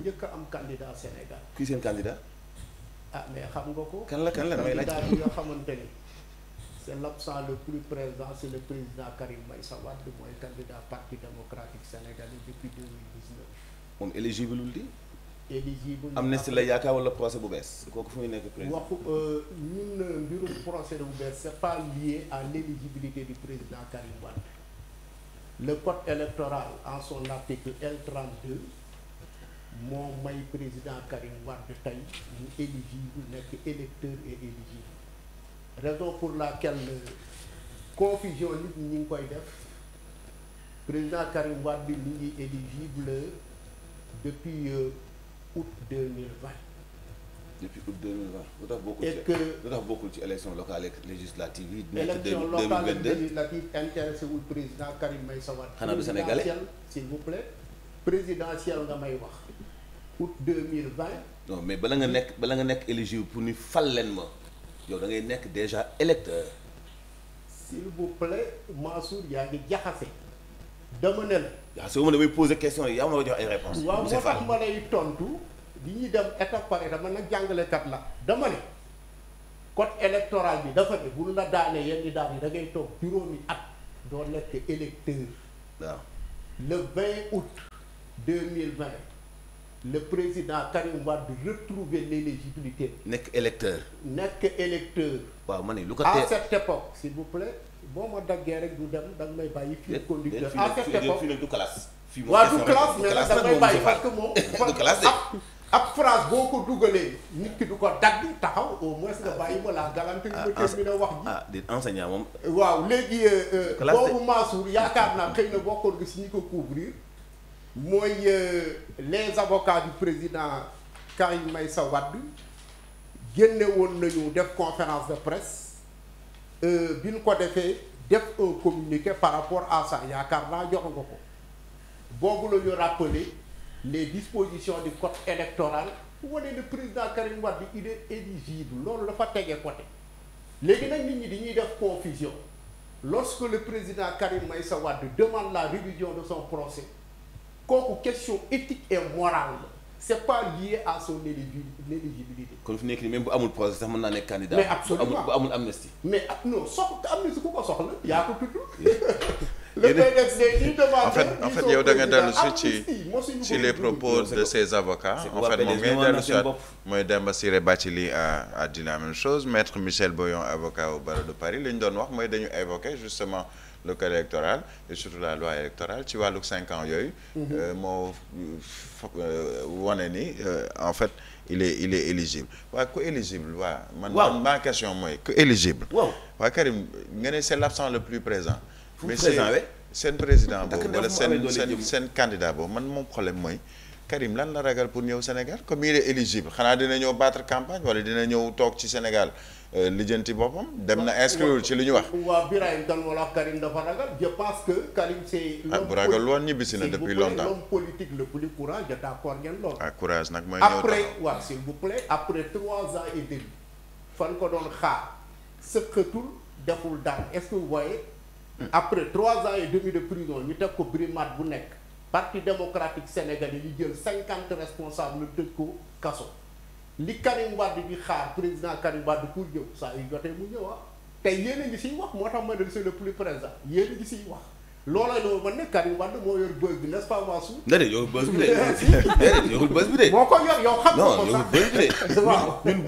njëkk a am candidat Sénégal. kii seen candidat. ah mais xam nga ko. kan la kan la damay nga xamante ni. c' est l' le plus présent c' est le président Karim Meïssa Wade mooy candidat parti démocratique sénégalais depuis deux mille dix neuf. moom éligible lul di. éligible amnistie la yaakaar wala procès bu bees. kooku fu muy nekk président waxu euh, ñun euh, mbirum procès bu bees c' pas lié à l' du président Karim Wade. le code électoral en son article L32 moo may président Karim Wade tey mu éligible nekk électeur et éligible raison pour laquelle confusion nit ñi ngi koy def président Karim Wade bi mi ngi éligible depuis euh, août deux mille vingt depuis août deux mille vingt lu tax bokkul ci lu tax bokkul ci élection locale et législative yi. nekk deux mille vingt deux élection locale et législative intéressé wul président Karim Meïssa Wade. xanaa du sénégalais s'il vous plaît présidentielle nga may wax. août deux mille vingt. non mais bala nga nekk bala nga nekk éligible pour ñu fal leen ma yow da ngay nekk déjà électeur. s'il vous plaît yaa ngi jaxase. dama ne la. waaw su ma damay poser question yi yaa moo jox ay réponses. waaw moo tax ma lay tontu. di ñuy dem étape par étape man nag jàngalekat la dama ne code électoral bi dafa ne bu la daanee yenn i daan yi da ngay toog juróomi at doo nekk électeur waaw le 20 août le président Karim Wade retrouver l'éligibilité. nekk électeur. nekk électeur. waaw ma ne lu ko tee à cette époque s'il vous plaît boo ma daggee rek du dem da nga may bàyyi fii conducteur. à cette époque du classe. fii moom bàyyi parce que moom. du classe de ab phrase boo ko dugalee nit ki du ko dagg taxaw au moins nga bàyyi ma la galante nga ah, ah, wax ji. Ah, di enseignant moom. waaw léegi. Euh, euh, classe boobu Mansour yaakaar naa xëy na bokkoon nga si ñi ko couvrir. mooy euh, les avocats du président Karim Meïssa Wade génne woon nañu def conférence de presse euh, bi nu ko defee def un communiqué par rapport à yaakaar naa jox nga ko boobu la ñu rappeler les dispositions du code électoral wane ne président Karim Wade il est éligible loolu dafa tege côté léegi nag nit ñi dañuy def confusion lorsque le président Karim Meïssa Wade demande la révision de son procès kooku question éthique et morale la c'est pas lié à so éligibilité. kon fi nekk nii même bu amul procès sax mën naa nekk candidat. mais absolument bu amul amnistie. mais non soxla amnistie ku ko soxla yaa ko tudd. en fait en fait yow da nga dellu si ah, ci ci les propos de ses avocats en fait moom ngay dellu si mooy Demba Ciré Bathily a a dit la même chose maître Michel Boyon avocat au barreau de Paris li ñu doon wax mooy dañu évoquer justement le code électoral et surtout la loi électorale ci wàllu cinq ans yooyu mhm. euh, moo euh, wane ni euh, en fait il est il est éligible waaw ku éligible waaw man ma question mooy ku éligible waaw Karim nga ne c'est l'absent le plus présent fu mu seen président boobu wala seen seen seen candidat boobu man moom problème mooy Karim lan la ragal pour ñëw Sénégal comme il est éligible xanaa dina ñëw battre campagne wala dina ñëw toog ci Sénégal euh, lijjanti boppam dem na inscrire ci li ñu wax. waaw Birahim dal wala Karim dafa ragal je pense que Karim c'est. ah bu ragal woon ñibbisi na depuis longtemps l'homme politique le plus courageux d'accord ngeen lool. ah courage nag mooy ñëw après waaw s'il vous plaît après trois ans et demi fan ko doon xaar sëqatul deful dara est-ce après trois ans et demi de prison ñu teg ko brimade bu nekk parti démocratique sénégalais yi jël cinquante responsables tëj ko kaso li Karim Wade bi xaar président Karim Wade pour ñëw saa yu jotee mu ñëw ah te yéen a ngi siy wax moo tax ma ne c'est le plus présent yéen a ngi siy wax loolooy la ma nekk Karim Wade moo yor bës bi n'est-ce pas yorul bës bi de déedéet yorul bës bi de. moo ko yor yow xam nga ko sax non yorul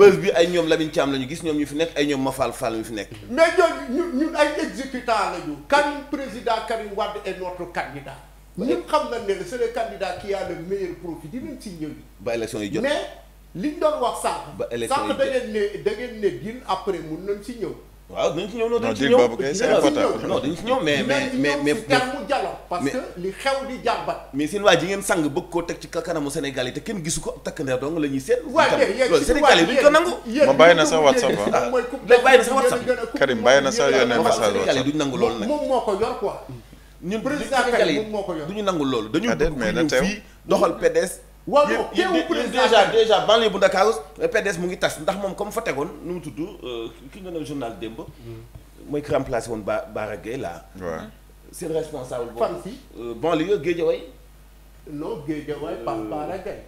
bës bi de. la ñu gis ñoom ñu fi nekk ay ñoom Mafal Fall ñu fi nekk. mais ñooñu ñun ay exécutants la ñu. Karim président Karim Wade est notre candidat. ñun xam nañ ne c'est le candidat qui a le meilleur profit dinañ si ñëw. ba élection yi jot mais ñu doon wax sànq. ba élection yi jot da ngeen ne da ne din après mun nañ si ñëw. waaw dañ ci ñëw non dañ ci ñëw mais mais mais mais seen waa ji ngeen sàng bëgg koo teg ci kanamu Sénégal yi te kenn gisu ko takk ndeer dong la ñuy seet loolu Sénégal yi duñ ko nangu ma bàyyi na sax WhatsApp ah bàyyi na sax WhatsApp na sax yónnee message nangu loolu nag moom moo ko doxal PDS waaw non teewul président déjà déjà banlieue bu Ndakaaru PDS mu ngi tas ndax moom comme fa tegoon nu mu tudd euh, ki nga ne journal démb. Hmm. mooy ki remplacé woon Ba Bara laa là. waaw euh, seen responsable. fan si euh, banlieue Guédiawaye. non Guédiawaye par Bara Gueye.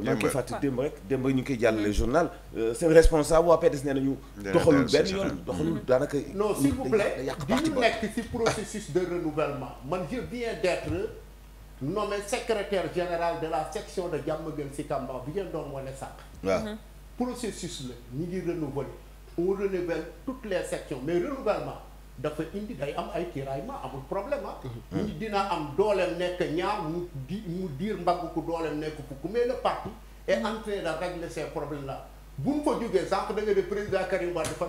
maa ngi koy demb démb rek démb ñu ngi koy jàllale hmm. journal seen responsable waa PDS nee nañu. doxalul benn yoon doxalul hmm. daanaka. non s'il vous plaît bi ñu nekk ci processus de renouvellement man je viens d'être nommé secrétaire général de la section de Diamaguène Sicap Mbao bi ngeen doon wane sànq. waaw mhm. processus la ñu ngi renouveler on renouvelle toutes les sections mais renouvellement dafa indi day am ay tiraillement amul problème ah. Mhm. ñu dina am dooleel nekk ñaar mu di diir mbagg ku dooleel nekk ku mais le parti est en train de régler ces problèmes bu mu fa sànq da président Karim Wade fan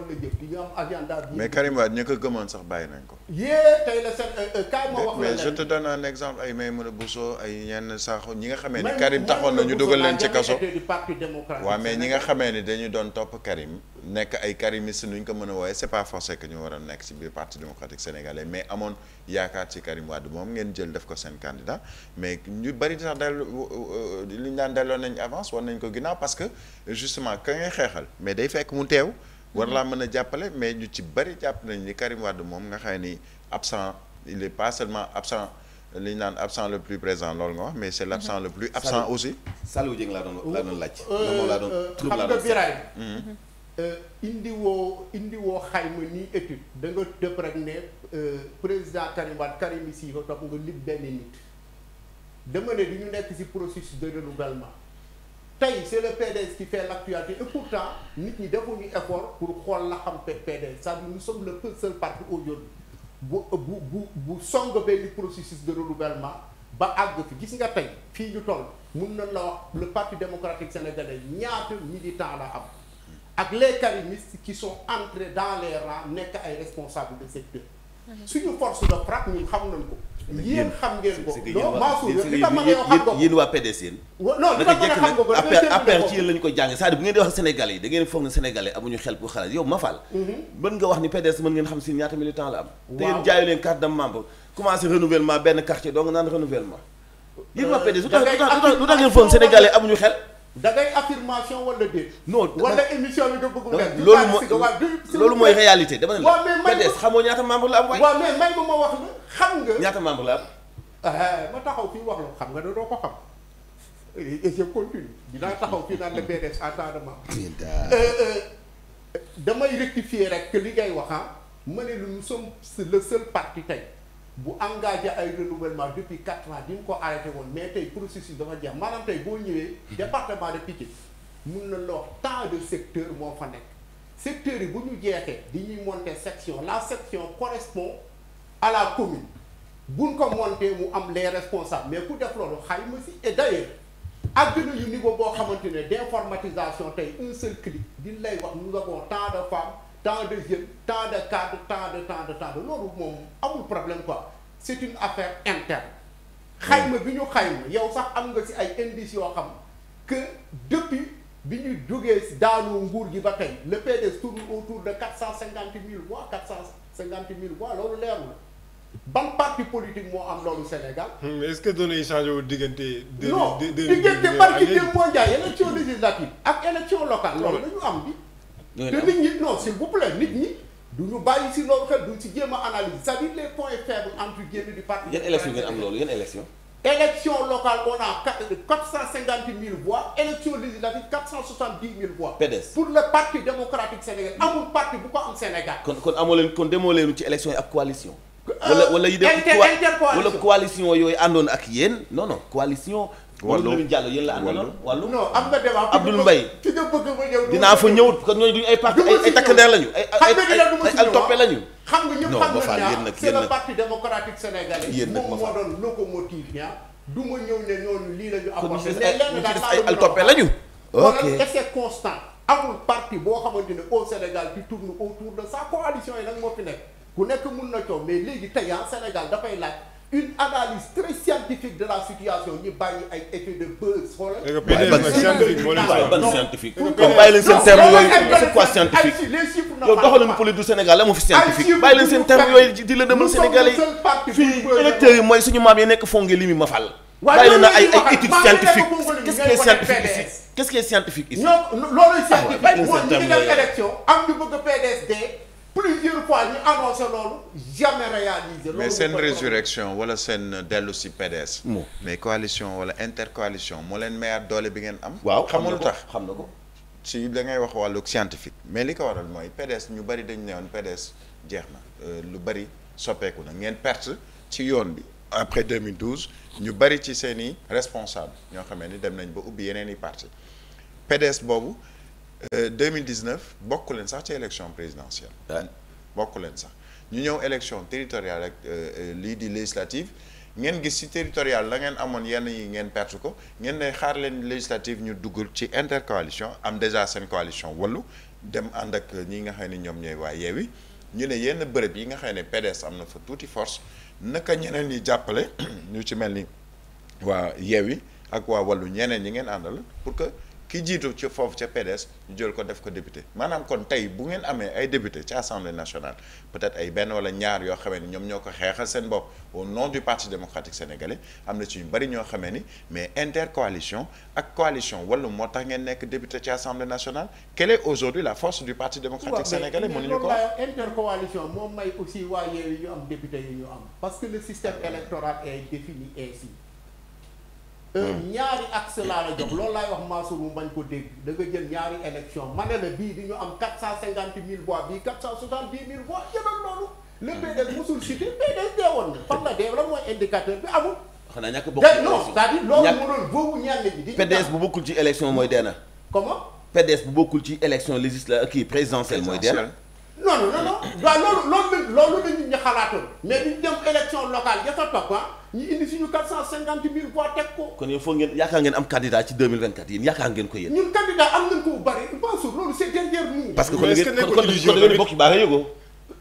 la jëm mais Karim Wade ña ko gëmoon sax bàyyi nañ ko. yee tey la seen euh, euh, kaay ma wax. la mais je te donne un exemple ay Maïmouna Bousso ay ñenn saako ñi nga xamee ni Karim taxoon na ñu dugal leen ci kaso. waa mais ñi nga xamee ni dañu doon topp Karim. nekk ay karimiste nu ñu ko mën a wooye c'est pas forcé que ñu war a nekk ci biir parti démocratique sénégalais mais amoon yaakaar ci Karim Wade moom ngeen jël def ko seen candidat mais ñu bëri sax dellu euh, euh, li ñu daan delloo nañ avance war nañ ko ginnaaw parce que justement ka ngay xeexal mais day fekk mu teew war laa mën a jàppale mais ñu ci bëri jàpp nañ ni Karim Wade moom nga xam ni absent il est pas seulement absent li ñu naan absent le plus présent loolu nga wax mais c'est l'absent le plus absent aussi Euh, indi indiwoo indi woo xayma ni étude da nga tëb rek ne euh, président Karim Wade Karim yi sii ko topp nga lib benn nit dama ne du ñu nekk ci processus de renouvellement tey c'est le PDS qui fait l'actualité et pourtant nit ñi defuñu effort pour xool la xam PDS c'est-à-dire nous sommes le seul parti aujourd'hui bu bu bu bu song benn processus de renouvellement ba àgg fi gis nga tey fii ñu toll mun na la wax le parti démocratique sénégalais ñaata militant la am ak les karimistes qui sont entrés dans les rangs nekk ay responsables de secteur ah, suñu force de frappe ñun xam nañ ko. yéen xam ngeen ko non waa PDS yéen. lañu ko jàngee cest à bu ngeen di wax Sénégalais yi da ngeen foog ne Sénégalais amuñu xel pour xalaat yow Mafal. Mm-hmm. mën nga wax ni PDS mën ngeen xam si ñaata militant la am. waaw te yéen jaayu leen carte de membre commencé renouvellement benn quartier doo nga naan renouvellement. yéen waa PDS lu tax lu tax ngeen foog xel dangay ngay affirmation wala déet. non wala émission bi nga bëgg mu def. loolu mooy réalité dama ne la. waaw mais may xamoo ñaata membre la am. waaye waaw mais may ma wax la xam nga. ñaata membre la am. Eh, ma taxaw fii wax la xam nga ne doo ko xam et je continue taxaw fii naan la à temps de membre. damay rectifier rek que li ngay wax ah ma ne nous sommes le seul parti tey. bu engagé ay renouvellement depuis quatre ans di nga ko arrêté woon mais tey processus dafa jeex maanaam tey boo ñëwee. département de Pikine mun na loo temps de secteur moo fa nekk. secteurs yi bu ñu jeexee di dañuy monter section la section correspond à la commune buñ ko monter mu am les responsables mais ku def loolu xayma si et d'ailleurs ak gën yu niveau boo xamante ne d'informatisation tey un seul clic di lay wax nga avons temps de femmes. tant de jeunes tant de cadres tant de tant de tant de loolu moom amul problème quoi c'est une affaire interne xayma bi ñu xayma yow sax am nga ci ay indices yoo xam que depuis bi ñu jógee daanu nguur gi ba tey le PDS tourne autour de quatre cent cinquante mille voix quatre cent cinquante mille voix loolu leerul ban parti politique moo am loolu Sénégal. mais hmm, est-ce que données yi changé wu diggante. deux mille deux mille non diggante barki démb jaay élection législative ak élection locale. am bi te nit ñi non s'il vous plaît nit ñi du ñu bàyyi si loolu xel du si jéem a analyse c'est-à-dire les points faibles entre guillemets du parti. yan élection ngeen am loolu yan élection. élection locale on a quatre cent cinquante mille voix élection législative quatre cent soixante dix mille voix. PDS pour le parti démocratique sénégalais amul parti bu ko am Sénégal. kon kon amoo leen kon demoo leen ci élection yi ab coalition. Euh, wala wala yi def. inter àndoon ak yéen non non coalition. wàllu Lamine Diallo yéen la àndaloon wàllu am nga débat Abdoul Mbaye ki dinaa fa ñëw kon ñooñu duñu ay parti ay takk der lañu ay ay toppe ah. lañu xam nga ñëpp ah, ah. lii la ay ay toppe lañu ok c'est constant amul parti boo xamante ne au Sénégal qui tourne autour de sa coalition yi nag moo fi nekk ku nekk mun na coow mais léegi tey Sénégal dafay laaj une analyse très scientifique de la situation ñu bàyyi ay effet de buzz. waaye ban scientifique moo leen ban scientifique. bàyyi leen seen terme yooyu c'est quoi scientifique. yow doxalin politique du Sénégal amu fi scientifique. bàyyi leen seen terme yooyu di la demal Sénégalais yi fii électeurs yi mooy suñu maam yi nekk Fongué Limi Mafal. waaye loolu la ñuy wax ay études scientifiques qu'est-ce qui est scientifique ici qu'est-ce qui est scientifique ici. ñoom loolu ah, scientifique mooy ñu dem élection am ñu bëgg PDS plusieurs fois ñu annoncé loolu jamais réalisé. loolu mais seen résurrection wala seen dellu si PDS. mais coalition wala intercoalition moo leen mayaat doole bi ngeen am. waaw xam na ko xam ko si da ngay wax wàllu scientifique. mais li ko waral mooy PDS ñu bari dañu ne woon PDS jeex na euh, lu bari soppeeku na ngeen perte ci yoon bi. après 2012 ñu bari ci seen i responsable ñoo xam ne ni dem nañ ba ubbi yeneen i parti PDS boobu. 2019 euh, bokk leen sax ci élection présidentielle bokk leen sax ñu ñëw élection territoriale ak euh, euh, lii di législative ngeen gis ci territorial la ngeen amoon yenn yi ngeen perte ko ngeen ne xaar leen législative ñu dugg ci intercoalition am déjà seen coalition wallu dem ànd ak ñi nga xam ni ñoom ñooy waa Yewwi ñu ne yenn bërëb yi nga xam ne PDS am na fa tuuti force naka ñeneen yi jàppale ñu ci mel ni waa Yewwi ak waa wallu ñeneen yi ngeen àndal pour ki jiitu ci foofu ca PDS ñu ko def ko député maanaam kon tey bu ngeen amee ay député ca assemblée nationale peut-être ay benn wala ñaar yoo xamee ni ñoom ñoo ko xeexal seen bopp au nom du parti démocratique sénégalais am na ci ñu bari ñoo xamee ni mais intercoalition ak coalition wala moo tax ngeen nekk député ci assemblée nationale quelle est aujourd'hui la force du parti démocratique sénégalais mënuñu ko intercoalition moom may aussi waa yooyu que Euh, hmm. ñaari accès laa la jox loolu laay wax Mansour mu bañ ko dégg da jël ñaari élection ma ne la bii di ñu am quatre cent cinquante mille voix bii quatre cent soixante-dix mille voix jëlal loolu le hmm. PDS mosul cité PDS dee woon na fan la dee lan mooy indicateur bi amul xanaa ñàkk bokk non bu bokkul ci élection mooy dee na comment PDS bu bokkul ci élection législative euh, kii présidentielle mooy dee na non non non waaw loolu loolu loolu la mais ñu dem élection ñu indi suñu 450000 voix teg ko. kon yow foog ngeen yaakaar ngeen am candidat ci 2024 yéen yaakaar ngeen ko yéen. ñun candidat am nañ ko bu bëri bien sûr loolu c'est derrière nous. parce que kon ngeen kon kon da ngeen bokk baara yëgoo.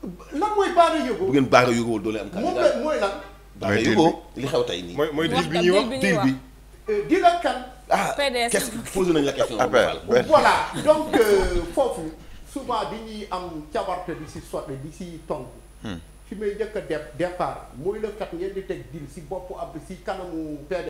Euh, lan mooy baara yëgoo. bu ngeen baara yëgoo doo leen am. candidat moom mooy lan. baara yëgoo li xew tey nii. mooy mooy diil bi ñuy wax diil bi. Euh, diil ak kan. ah, ah qu'est-ce que posé nañ la question. voilà donc euh, foofu souvent dañuy am cawarte di si sotte di si tontu. Hmm. ki may njëkk a départ mooy la kat ngeen di teg dil si boppu ab si kanamu PDS